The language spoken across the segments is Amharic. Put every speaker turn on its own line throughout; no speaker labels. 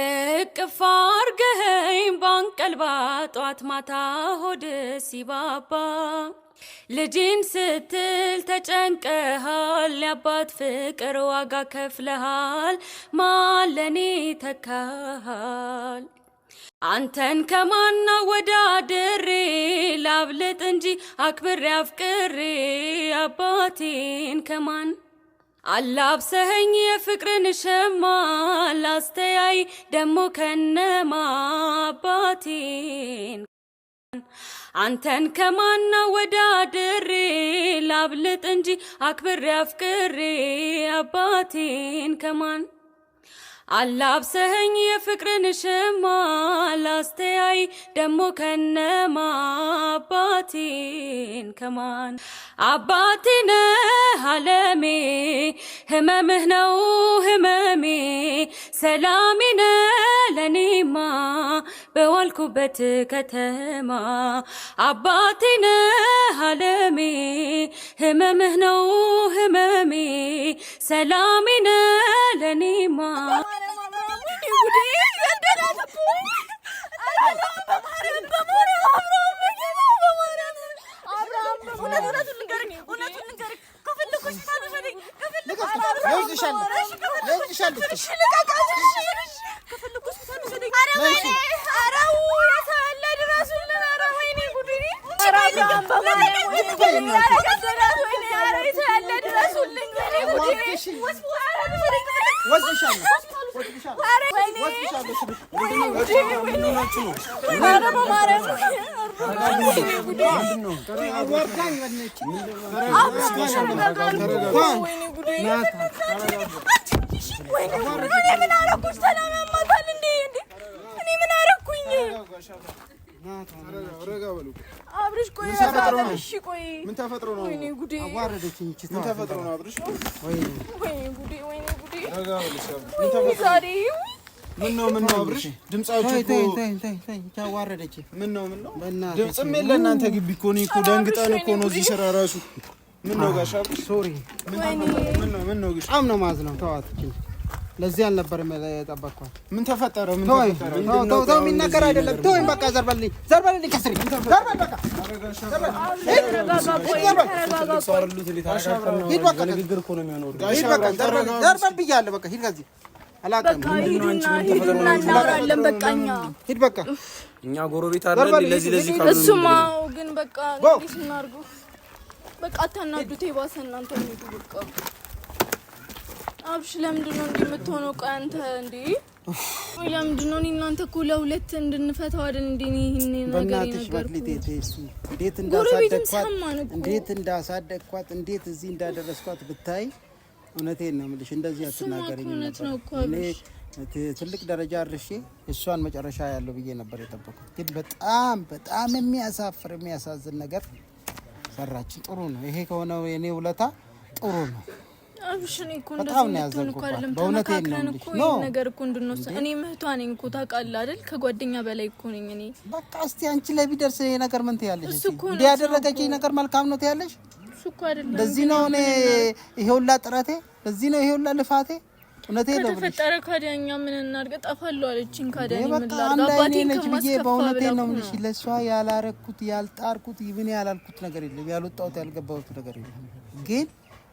እቅፍ አርገኸኝ ባንቀልባ ጧት ማታ ሆድ ሲባባ ልጅን ስትል ተጨንቀሃል፣ ያባት ፍቅር ዋጋ ከፍለሃል፣ ማለኔ ተካሃል። አንተን ከማና ወዳድሬ ላብልጥ እንጂ አክብሬ አፍቅሬ አባቴን ከማን አላብሰኸኝ የፍቅርን ሸማ ላስተያይ ደሞ ከነማ አባቴን አንተን ከማና ወዳድሬ ላብልጥ እንጂ አክብሬ አፍቅሬ አባቴን ከማን አላብሰኸኝ የፍቅርን ሽማ ላስተያይ ደሞ ከነማ አባቴን ከማን አባቴ ነህ አለሜ ህመምህ ነው ህመሜ ሰላሜ ነህ ለኔማ በዋልኩበት ከተማ አባቴነ አለሜ ህመምህ ነው ህመሜ ሰላሜነ ለኔማ ሆስፒታል ወይኔ ጉዴ!
ወይኔ ጉዴ! ምን አደረኩ? አብርሽ ቆይ፣ ምን ተፈጥሮ ነው? ምን ተፈጥሮ ነው አብርሽ?
ምን ነው? ምን ነው? አብርሽ ድምጻችሁ እኮ አዋረደችኝ። ምን ነው? ምን ነው? ድምፅም የለ እናንተ ግቢ እኮ እኔ እኮ ደንግጠን እኮ ነው እዚህ ስራ እራሱ። ምን ነው ጋሽ አብርሽ? ሶሪ። ምን ነው? ምን ነው? በጣም ነው የማዝነው። ተዋት ለዚህ አልነበር የጠበቅኳት። ምን ተፈጠረ? ምን ተፈጠረ? ተው ተው፣ አይደለም። ተው በቃ ዘርበልኝ፣ ዘርበልኝ፣ ከስሪ ዘርበል፣ በቃ በቃ ሂድ ከዚህ እናወራለን።
በቃ
እኛ ጎረቤት ለዚህ ለዚህ እሱማ ግን በቃ በቃ
አታናዱት። የባሰ እናንተ በቃ አብሽ ለምንድን ነው እንዲህ የምትሆነው? ቆይ አንተ እንዴ ለምንድን ነው እናንተ እኮ ለሁለት እንድንፈታው
አይደል እንዴ ይሄን ነገር ይነገርኩ እንዴት እንዳሳደግኳት እንዴት እዚህ እንዳደረስኳት ብታይ፣ እውነቴን ነው የምልሽ። እንደዚህ አትናገሪኝ ነበር ትልቅ ደረጃ አድርሼ እሷን መጨረሻ ያለው ብዬ ነበር የጠበኩት። ግን በጣም በጣም የሚያሳፍር የሚያሳዝን ነገር ሰራችን። ጥሩ ነው ይሄ ከሆነ የኔ ውለታ ጥሩ ነው። አብሽን እኮ ነገር እኮ እንድንወስድ እኔ ምህቷ ነኝ እኮ ታውቃለህ አይደል? ከጓደኛ በላይ እኮ ነኝ እኔ። በቃ እስቲ አንቺ ላይ ቢደርስ ይሄ ነገር ምን ትያለሽ? እንዲህ ነገር መልካም ነው ትያለሽ? እሱ እኮ አይደለም። ለዚህ ነው እኔ ይሄ ሁላ ጥረቴ፣ ለዚህ ነው ይሄ ሁላ ልፋቴ። እውነቴን ነው ከተፈጠረ ካዲያ እኛ ምን እናድርግ? ጠፋለሁ አለችኝ ካዲያ ነው የምልሽ። ለእሷ ያላረኩት ያልጣርኩት፣ ይብን ያላልኩት ነገር የለም፣ ያልወጣሁት ያልገባሁት ነገር የለም ግን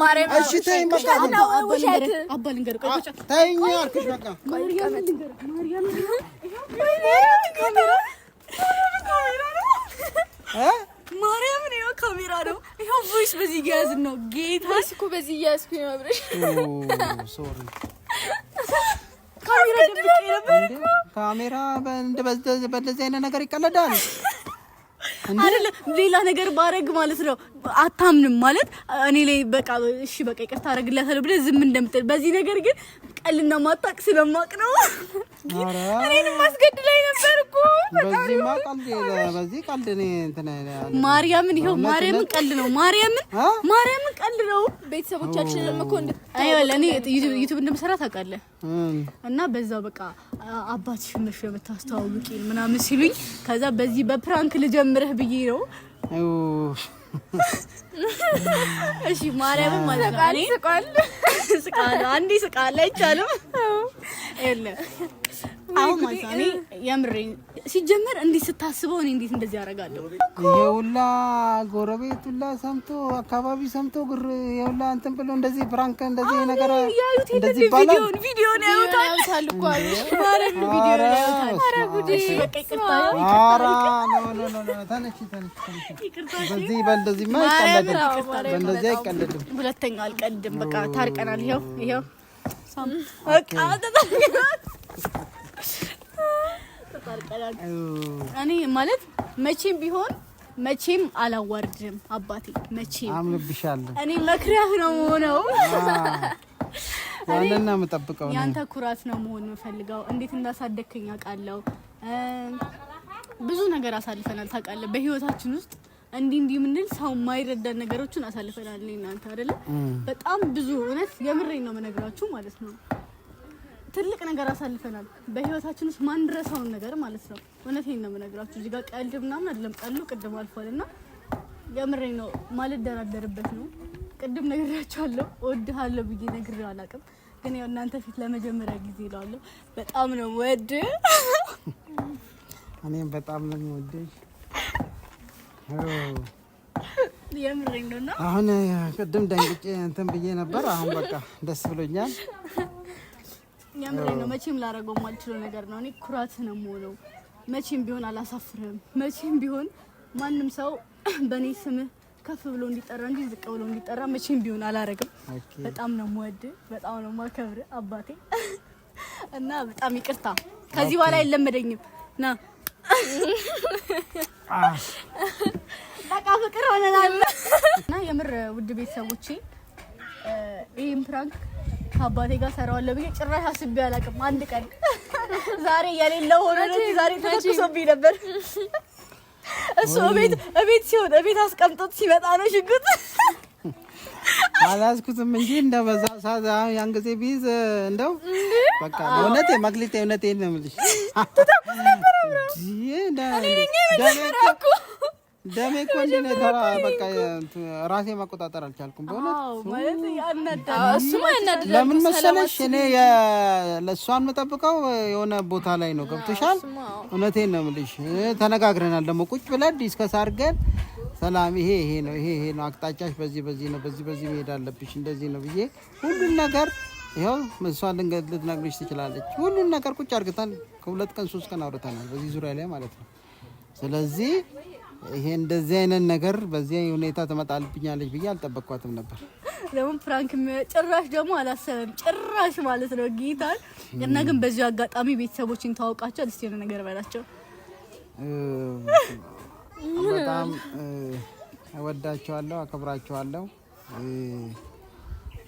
ማርያምን
ይኸው ካሜራ ነው። ይኸው ቮይስ በዚህ እየያዝን ነው። ጌታ እኮ በዚህ እየያዝኩኝ ነው። አብረሽ
ሶሪ ካሜራ እንደበዚህ አይነት ነገር ይቀለዳል።
አይደለም ሌላ ነገር ባረግ ማለት ነው። አታምንም ማለት እኔ ላይ በቃ እሺ በቃ ይቅርታ አረግላታለሁ ብለህ ዝም እንደምትል በዚህ ነገር ግን ቀልና ማጣቅ ስለማቅ ነው። እኔንም ማስገድ ላይ ነበር እኮ ማርያምን፣ ይኸው ማርያምን ቀል ነው። ማርያምን ማርያምን ቀል ነው። ቤተሰቦቻችን እኮ እኔ ዩቱብ እንደምሰራ ታውቃለህ። እና በዛ በቃ አባትሽ ነሽ የምታስተዋውቂ ምናምን ሲሉኝ ከዛ በዚህ በፕራንክ ልጀምርህ ብዬ ነው እሺ ማርያምን ማለት ነው ስቃለ አንዴ ስቃለ አይቻልም። አሁን ማለት ነው። እኔ የምሬ ሲጀመር እንዲህ ስታስበው እኔ እንዴት እንደዚህ አደርጋለሁ?
የውላ ጎረቤት ሁላ ሰምቶ አካባቢ ሰምቶ ግር የውላ እንትን ብሎ እንደዚህ ፍራንክ እንደዚህ ነገር
እንደዚህ ይባላል። ቪዲዮን አልቀልድም። በቃ ታርቀናል። ይኸው ይኸው እኔ ማለት መቼም ቢሆን መቼም አላዋርድም አባቴ። መቼም አምንብሻለሁ። እኔ መክሪያህ ነው የምሆነው። ያንና የምጠብቀው ያንተ ኩራት ነው መሆን የምፈልገው። እንዴት እንዳሳደግከኝ አውቃለሁ። ብዙ ነገር አሳልፈናል ታውቃለህ። በህይወታችን ውስጥ እንዲህ እንዲህ የምንል ሰው የማይረዳን ነገሮችን አሳልፈናል። እናንተ አይደለም በጣም ብዙ እውነት የምሬን ነው መነግራችሁ ማለት ነው ትልቅ ነገር አሳልፈናል በህይወታችን ውስጥ ማንረሳውን ነገር ማለት ነው። እውነቴን ነው የምነግራችሁ። እዚህ ጋር ቀልድ ምናምን አይደለም። ቀሉ ቅድም አልፏል እና የምሬን ነው ማልደራደርበት ነው። ቅድም ነግሬያቸዋለሁ። እወድሃለሁ ብዬ ነግሬው አላውቅም፣ ግን ያው እናንተ ፊት ለመጀመሪያ ጊዜ እለዋለሁ። በጣም ነው ወድ እኔም በጣም ነው ወደሽ የምሬን ነው እና አሁን ቅድም ደንግጬ እንትን ብዬ ነበር። አሁን በቃ ደስ ብሎኛል። የምሬ ነው። መቼም ላደርገው የማልችለው ነገር ነው። እኔ ኩራት ነው የምሆነው። መቼም ቢሆን አላሳፍርህም። መቼም ቢሆን ማንም ሰው በእኔ ስምህ ከፍ ብሎ እንዲጠራ እንጂ ዝቅ ብሎ እንዲጠራ መቼም ቢሆን አላረግም። በጣም ነው የምወድህ፣ በጣም ነው የማከብርህ አባቴ እና በጣም ይቅርታ። ከዚህ በኋላ አይለመደኝም። ና በቃ ፍቅር ሆነናል እና የምር ውድ ቤተሰቦቼ ይህም ፕራንክ ከአባቴ ጋር ሰራዋለሁ ብዬ ጭራሽ አስቤ አላውቅም። አንድ ቀን ዛሬ የሌለው ሆነ ዛሬ ተተኩሶብኝ ነበር። እሱ እቤት እቤት ሲሆን እቤት አስቀምጦት ሲመጣ ነው ሽጉጥ
አላስኩትም እንጂ እንደበዛ ሳዛ ያን ጊዜ ቢዝ እንደው በቃ እውነት መክሊት እውነት ነው የምልሽ ትተኩስ ነበር አብረው ደሜ እኮ እንደ እኔ ራሴ መቆጣጠር አልቻልኩም። በእውነት ለምን መሰለሽ እኔ ለእሷን የምጠብቀው የሆነ ቦታ ላይ ነው። ገብቶሻል? እውነቴን ነው የምልሽ። ተነጋግረናል ደግሞ ቁጭ ብለን ዲስከስ አድርገን ሰላም፣ ይሄ ይሄ ነው ይሄ ይሄ ነው አቅጣጫሽ በዚህ በዚህ ነው በዚህ በዚህ መሄድ አለብሽ እንደዚህ ነው ብዬ ሁሉን ነገር ይኸው እሷን ልትነግርሽ ትችላለች። ሁሉን ነገር ቁጭ አድርገታል። ከሁለት ቀን ሶስት ቀን አውርተናል በዚህ ዙሪያ ላይ ማለት ነው። ስለዚህ ይሄ እንደዚህ አይነት ነገር በዚህ ሁኔታ ትመጣልብኛለች ብዬ አልጠበቅኳትም ነበር።
ለምን ፕራንክ ጭራሽ ደግሞ አላሰበም ጭራሽ ማለት ነው ጌታን እና ግን በዚሁ አጋጣሚ ቤተሰቦችን ታወቃቸው ደስ የሆነ ነገር በላቸው።
በጣም እወዳቸዋለሁ፣ አከብራቸዋለሁ።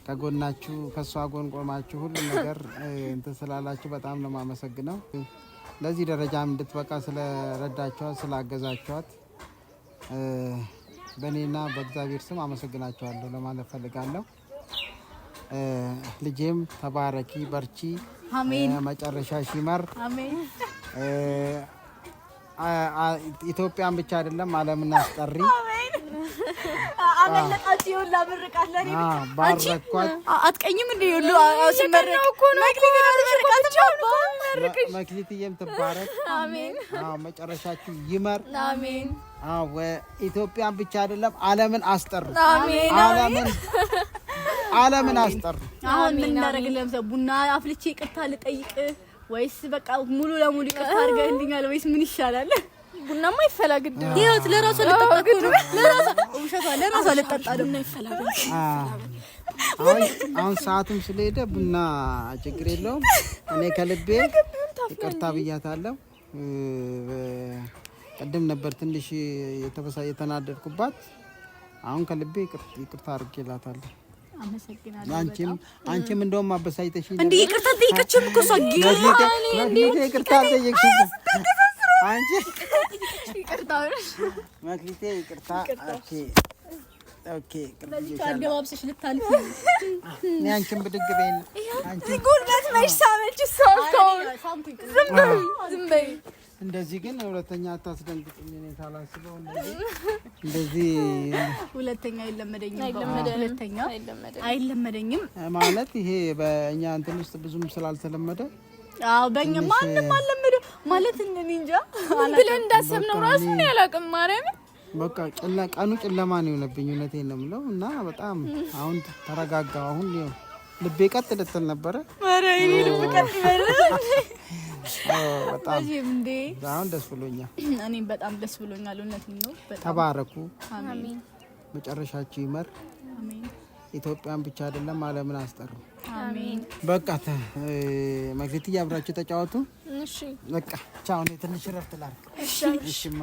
ከጎናችሁ ከእሷ ጎን ቆማችሁ ሁሉ ነገር እንትን ስላላችሁ በጣም ነው የማመሰግነው። ለዚህ ደረጃም እንድትበቃ ስለረዳችኋት ስላገዛችኋት በእኔና በእግዚአብሔር ስም አመሰግናቸዋለሁ ለማለት ፈልጋለሁ። ልጄም ተባረኪ፣ በርቺ፣ መጨረሻ ሺመር ኢትዮጵያን ብቻ አይደለም ዓለምን አስጠሪ
አመለጣችሁ። ይኸውልህ አመርቃት ለእኔ
አትቀኝም መጨረሻችሁ ይመር። ኢትዮጵያን ብቻ አይደለም ዓለምን አስጠር።
አሜን። ዓለምን
ዓለምን አስጠር።
አሁን ምን እናደርግልህ? ቡና አፍልቼ ይቅርታ ልጠይቅ ወይስ በቃ ሙሉ ለሙሉ ይቅርታ አድርገህልኛል ወይስ ምን ይሻላል? ቡናማ ይፈላ ግድ ነው። ይኸውት ለራሷ ልጠጣ ለራሷ
ልጠጣ ቡና ይፈላ አሁን ሰዓቱም ስለሄደ ቡና ችግር የለውም። እኔ ከልቤ ይቅርታ ብያታለሁ። ቅድም ነበር ትንሽ የተበሳ የተናደድኩባት። አሁን ከልቤ ይቅርታ አድርጌላታለሁ። አንቺም አንቺም እንደውም አበሳጭተሽኝ
እንዴ ይቅርታ ጠይቀችም እኮ እሷ ይቅርታ ጠይቀች
አንቺ ይቅርታ መክሊቴ፣ ይቅርታ አደባብሰሽ ልታልፍ እኔ አንቺን ብድግ በይን።
ጉልበት መች ሳመችሽ?
ዝም በይ። እንደዚህ ግን ሁለተኛ አታስደንግጥኝ። እኔ ሳላስበው
እንደዚህ ሁለተኛ አይለመደኝም
ማለት ይሄ በእኛ እንትን ውስጥ ብዙም ስላልተለመደ
አዎ በእኛ ማንም አልለመደው ማለት እኔ እንጃ ብለን እንዳሰብነው ራሱ ነው ያላቅም ማርያም
በቃ ጭላ ቀኑ ጨለማ ነው የሆነብኝ። እውነቴን ነው የምለው እና በጣም አሁን ተረጋጋው። አሁን ልቤ ቀጥ ልትል ነበረ።
ኧረ የእኔ ልብ ቀጥ ይበል።
በጣም አሁን ደስ ብሎኛል።
እኔም በጣም ደስ ብሎኛል። እውነቴን ነው።
ተባረኩ። አሜን። መጨረሻችሁ ይመር። አሜን። ኢትዮጵያን ብቻ አይደለም ዓለምን አስጠሩ። በቃ መግቢት እያብራችሁ ተጫወቱ። በቃ ቻው። እኔ ትንሽ ረፍት ላድርግ። እሺማ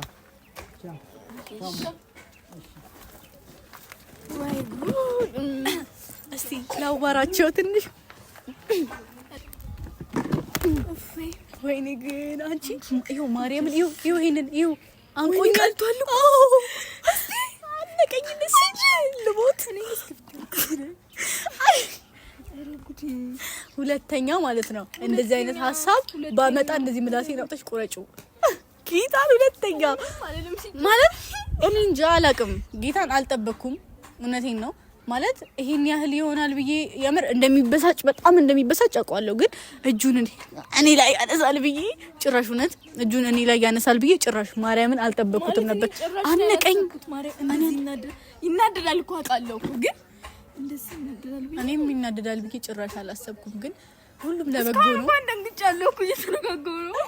እስቲ ላዋራቸው ትንሽ። ወይኔ ግን አንቺ ይኸው ማርያምን ይኸው ይኸው ይሄንን ይኸው አንቆኝ ቀልቷል። ሁለተኛ ማለት ነው እንደዚህ አይነት ሀሳብ ባመጣ እንደዚህ ምላሴ አውጥተሽ ቁረጪው። ጌታን ሁለተኛ ማለት እኔ እንጃ አላቅም። ጌታን አልጠበኩም እውነቴን ነው ማለት ይሄን ያህል ይሆናል ብዬ የምር እንደሚበሳጭ በጣም እንደሚበሳጭ አውቀዋለሁ። ግን እጁን እኔ ላይ ያነሳል ብዬ ጭራሽ እውነት እጁን እኔ ላይ ያነሳል ብዬ ጭራሽ ማርያምን አልጠበኩትም ነበር። አነቀኝ። ይናደዳል እኮ አውቃለሁ ግን እኔ የሚናደዳል ብዬ ጭራሽ አላሰብኩም፣ ግን ሁሉም ለበጎ ነው። እንኳን ደንግጫለሁ እኮ እየተረጋገው ነው።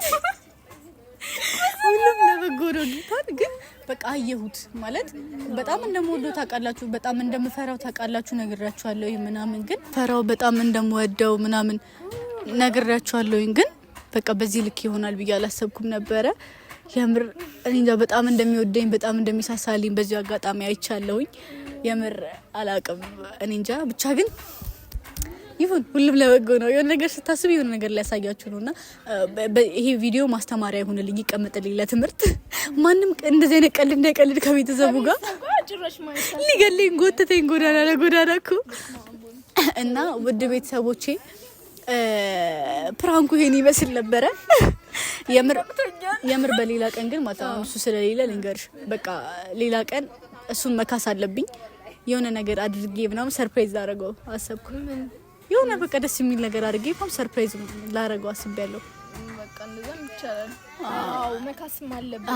ሁሉም ለበጎ ነው። ጌታን ግን በቃ አየሁት ማለት በጣም እንደምወደው ታውቃላችሁ፣ በጣም እንደምፈራው ታውቃላችሁ፣ ነግራችኋለሁ ምናምን ግን ፈራው በጣም እንደምወደው ምናምን ነግራችኋለሁኝ ግን በቃ በዚህ ልክ ይሆናል ብዬ አላሰብኩም ነበረ። የምር እኔ እንጃ በጣም እንደሚወደኝ በጣም እንደሚሳሳልኝ በዚሁ አጋጣሚ አይቻለሁኝ። የምር አላቅም። እኔ እንጃ ብቻ ግን ይሁን ሁሉም ለበጎ ነው። የሆነ ነገር ስታስብ የሆነ ነገር ሊያሳያችሁ ነው እና ይሄ ቪዲዮ ማስተማሪያ ይሆንልኝ ይቀመጥልኝ ለትምህርት። ማንም እንደዚህ አይነት ቀልድ እንዳይቀልድ ከቤተሰቡ ጋር ሊገለኝ ጎተተኝ ጎዳና ለጎዳና እኮ እና ውድ ቤተሰቦቼ ፕራንኩ ይሄን ይመስል ነበረ። የምር በሌላ ቀን ግን ማታ እሱ ስለሌለ ልንገርሽ፣ በቃ ሌላ ቀን እሱን መካስ አለብኝ። የሆነ ነገር አድርጌ ምናምን ሰርፕራይዝ ላረገው አሰብኩ። የሆነ በቃ ደስ የሚል ነገር አድርጌ ም ሰርፕራይዝ ላደርገው አስቤያለሁ።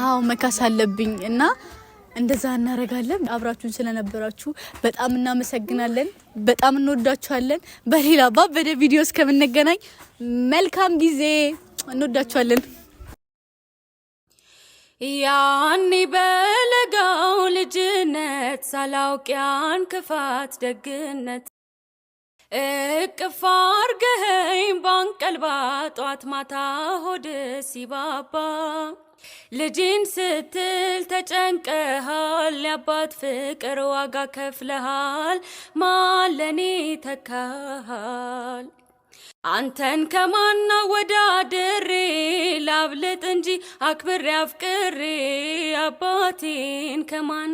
አዎ መካስ አለብኝ እና እንደዛ እናደርጋለን። አብራችሁን ስለነበራችሁ በጣም እናመሰግናለን። በጣም እንወዳችኋለን። በሌላ ባበደ ቪዲዮ እስከምንገናኝ መልካም ጊዜ። እንወዳችኋለን።
ያኒ በለጋው ልጅነት ሳላውቅያን ክፋት ደግነት እቅፍ አርገኸኝ ባንቀልባ ጧት ማታ ሆድ ሲባባ ልጅን ስትል ተጨንቀሃል፣ የአባት ፍቅር ዋጋ ከፍለሃል፣ ማለኔ ተካሃል አንተን ከማና ወዳድሬ ላብልጥ እንጂ አክብሬ አፍቅሬ አባቴን ከማን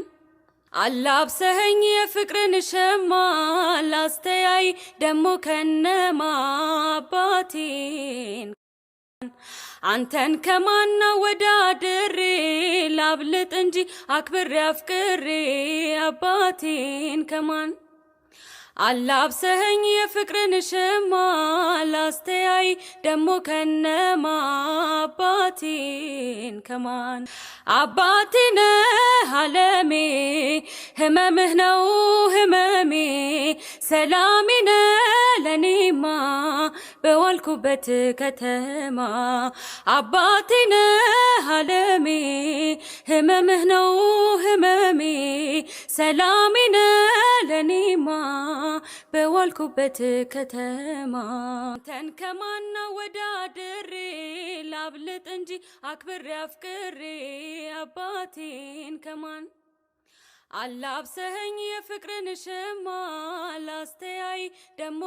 አላብሰኸኝ የፍቅርን ሸማ ላስተያይ ደሞ ከነማ አባቴን አንተን ከማና ወዳድሬ ላብልጥ እንጂ አክብሬ አፍቅሬ አባቴን ከማን አላብሰኸኝ የፍቅርን ሽማ ላስተያይ ደሞ ከነማ አባቴን ከማን አባቴ ነህ አለሜ ህመምህ ነው ህመሜ ሰላሜ ነህ ለኔማ በዋልኩበት ከተማ አባቴ ነህ አለሜ ህመምህ ነው ህመሜ ሰላሜ ነህ ለኔማ በዋልኩበት ከተማ አንተን ከማና ወዳድሬ ላብልጥ እንጂ አክብሬ አፍቅሬ አባቴን ከማን አላብሰኸኝ የፍቅርን ሽማ ላስተያይ ደሞ